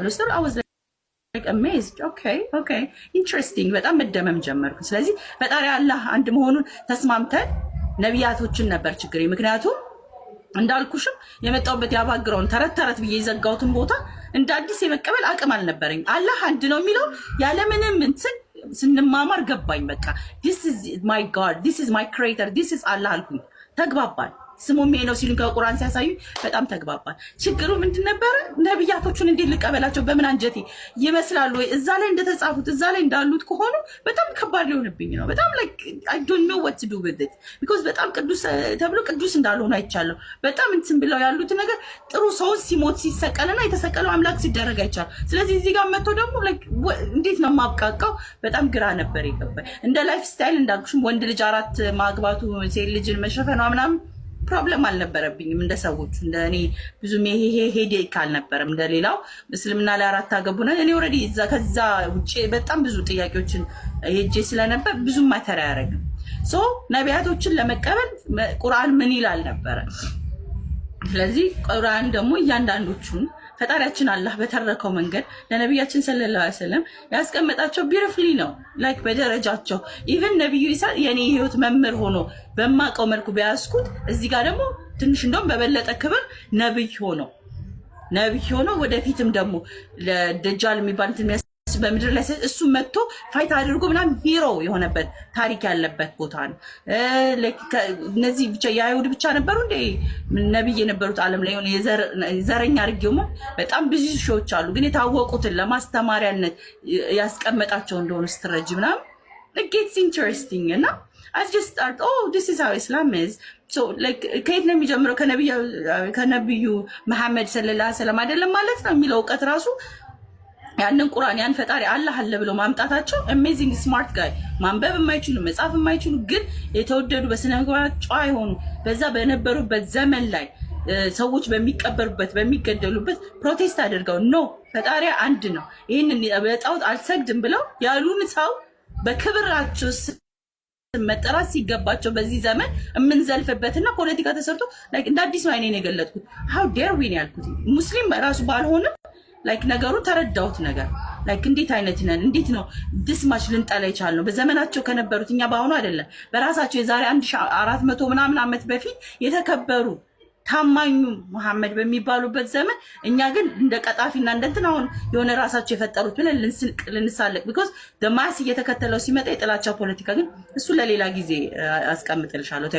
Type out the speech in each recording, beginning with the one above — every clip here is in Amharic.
ብሎ ኢንትረስቲንግ በጣም መደመም ጀመርኩ። ስለዚህ ፈጣሪ አላህ አንድ መሆኑን ተስማምተን ነቢያቶችን ነበር ችግሬ። ምክንያቱም እንዳልኩሽም የመጣሁበት ያባግረውን ተረት ተረት ብዬ የዘጋሁትን ቦታ እንደ አዲስ የመቀበል አቅም አልነበረኝ። አላህ አንድ ነው የሚለው ያለምንም እንትን ስንማማር ገባኝ። በቃ ዲስ ኢዝ ማይ ጋድ ዲስ ኢዝ ማይ ክሬተር ዲስ ኢዝ አላህ አልኩኝ። ተግባባል። ስሙም ይሄ ነው ሲሉኝ ከቁርአን ሲያሳዩ በጣም ተግባባል። ችግሩ ምንድን ነበረ? ነብያቶቹን እንዴት ልቀበላቸው? በምን አንጀቴ ይመስላሉ ወይ? እዛ ላይ እንደተጻፉት እዛ ላይ እንዳሉት ከሆኑ በጣም ከባድ ሊሆንብኝ ነው። በጣም አይ ዶንት ኖ ዋት ቱ ዱ ዊዝ ኢት ቢኮዝ በጣም ቅዱስ ተብሎ ቅዱስ እንዳልሆኑ አይቻለሁ። በጣም እንትን ብለው ያሉት ነገር ጥሩ ሰው ሲሞት ሲሰቀልና የተሰቀለው አምላክ ሲደረግ አይቻለሁ። ስለዚህ እዚህ ጋር መጥቶ ደግሞ እንዴት ነው የማብቃቃው? በጣም ግራ ነበር የገባኝ። እንደ ላይፍ ስታይል እንዳልኩሽም ወንድ ልጅ አራት ማግባቱ ሴት ልጅን መሸፈኗ ምናምን ፕሮብለም አልነበረብኝም። እንደ ሰዎቹ እንደ እኔ ብዙም ይሄ ሄዴክ አልነበረም። እንደሌላው እስልምና ላይ አራት አገቡ ነ እኔ ኦልሬዲ ከዛ ውጭ በጣም ብዙ ጥያቄዎችን ሄጄ ስለነበር ብዙም ማተር አያደርግም። ሶ ነቢያቶችን ለመቀበል ቁርአን ምን ይላል ነበረ። ስለዚህ ቁርአን ደግሞ እያንዳንዶቹን ፈጣሪያችን አላህ በተረከው መንገድ ለነቢያችን ሰለላሁ ዐለይሂ ወሰለም ያስቀመጣቸው ቢርፍሊ ነው ላይክ በደረጃቸው ኢቨን ነቢዩ ኢሳ የኔ ህይወት መምህር ሆኖ በማቀው መልኩ ቢያስኩት እዚህ ጋር ደግሞ ትንሽ እንደውም በበለጠ ክብር ነብይ ሆኖ ነብይ ሆኖ ወደፊትም ደግሞ ደጃል የሚባል በምድር ላይ እሱ መጥቶ ፋይት አድርጎ ምናም ሂሮ የሆነበት ታሪክ ያለበት ቦታ ነው። እነዚህ ብቻ የአይሁድ ብቻ ነበሩ እንደ ነቢይ የነበሩት ዓለም ላይ የሆነ ዘረኛ በጣም ብዙ ሺዎች አሉ። ግን የታወቁትን ለማስተማሪያነት ያስቀመጣቸው እንደሆኑ ስትረጅ ምናም ጌትስ ኢንተረስቲንግ እና ኢስላም oh, ከየት ነው የሚጀምረው? ከነቢዩ መሐመድ ሰለላ ሰለም አይደለም ማለት ነው የሚለው እውቀት ራሱ ያንን ቁርአን ያን ፈጣሪ አላህ አለ ብሎ ማምጣታቸው አሜዚንግ ስማርት ጋይ ማንበብ የማይችሉ መጻፍ የማይችሉ ግን የተወደዱ በስነ ምግባር ጨዋ የሆኑ በዛ በነበሩበት ዘመን ላይ ሰዎች በሚቀበሩበት በሚገደሉበት ፕሮቴስት አድርገው ኖ ፈጣሪ አንድ ነው፣ ይህንን በጣዖት አልሰግድም ብለው ያሉን ሰው በክብራቸው መጠራት ሲገባቸው በዚህ ዘመን የምንዘልፍበትና ፖለቲካ ተሰርቶ እንደ አዲስ ነው አይኔን የገለጥኩት። ሀው ዴር ዊን ያልኩት ሙስሊም ራሱ ባልሆንም ላይክ ነገሩ ተረዳሁት። ነገር ላይክ እንዴት አይነት ነን? እንዴት ነው ድስማች ልንጠላ ይቻል ነው? በዘመናቸው ከነበሩት እኛ በአሁኑ አይደለም፣ በራሳቸው የዛሬ አንድ አራት መቶ ምናምን ዓመት በፊት የተከበሩ ታማኙ መሐመድ በሚባሉበት ዘመን እኛ ግን እንደ ቀጣፊና እንደንትን አሁን የሆነ ራሳቸው የፈጠሩት ብለን ልንስልቅ ልንሳለቅ፣ ቢኮዝ በማስ እየተከተለው ሲመጣ የጥላቻ ፖለቲካ ግን እሱ ለሌላ ጊዜ uh, አስቀምጥልሻለሁ።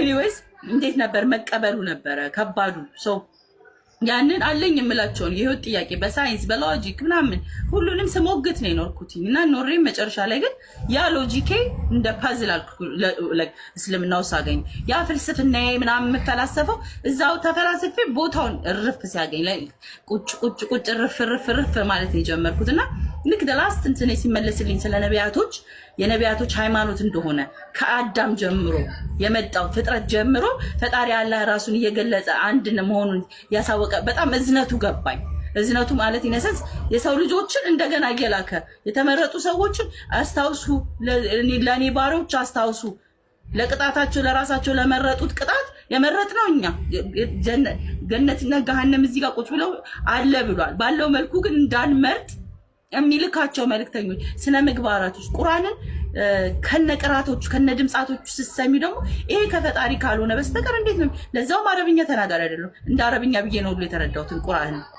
ኤኒዌይስ እንዴት ነበር መቀበሉ ነበረ ከባዱ ሰው ያንን አለኝ የምላቸውን የህይወት ጥያቄ በሳይንስ በሎጂክ ምናምን ሁሉንም ስሞግት ነው የኖርኩት እና ኖሬ መጨረሻ ላይ ግን ያ ሎጂኬ እንደ ፓዝል ውስጥ አገኝ ያ ፍልስፍና ምናምን የምፈላሰፈው እዛው ተፈላስፌ ቦታውን እርፍ ሲያገኝ ቁጭ ቁጭ ቁጭ እርፍ እርፍ ርፍ ማለት የጀመርኩት እና ልክ ደላስት እንትኔ ሲመለስልኝ ስለ ነቢያቶች የነቢያቶች ሃይማኖት እንደሆነ ከአዳም ጀምሮ የመጣው ፍጥረት ጀምሮ ፈጣሪ አላህ ራሱን እየገለጸ አንድ መሆኑን ያሳወቀ በጣም እዝነቱ ገባኝ። እዝነቱ ማለት ይነሰንስ የሰው ልጆችን እንደገና እየላከ የተመረጡ ሰዎችን አስታውሱ፣ ለእኔ ባሪያዎች አስታውሱ፣ ለቅጣታቸው ለራሳቸው ለመረጡት ቅጣት የመረጥ ነው እኛ ገነትና ገሃነም እዚህ ጋር ቁጭ ብለው አለ ብሏል። ባለው መልኩ ግን እንዳንመርጥ የሚልካቸው መልእክተኞች ስነ ምግባራቶች ቁራንን ከነ ቅራቶቹ ከነ ድምፃቶቹ ስትሰሚ ደግሞ ይሄ ከፈጣሪ ካልሆነ በስተቀር እንዴት ነው? ለዛውም አረብኛ ተናጋሪ አይደለም። እንደ አረብኛ ብዬ ነው ሁሉ የተረዳሁትን ቁራንን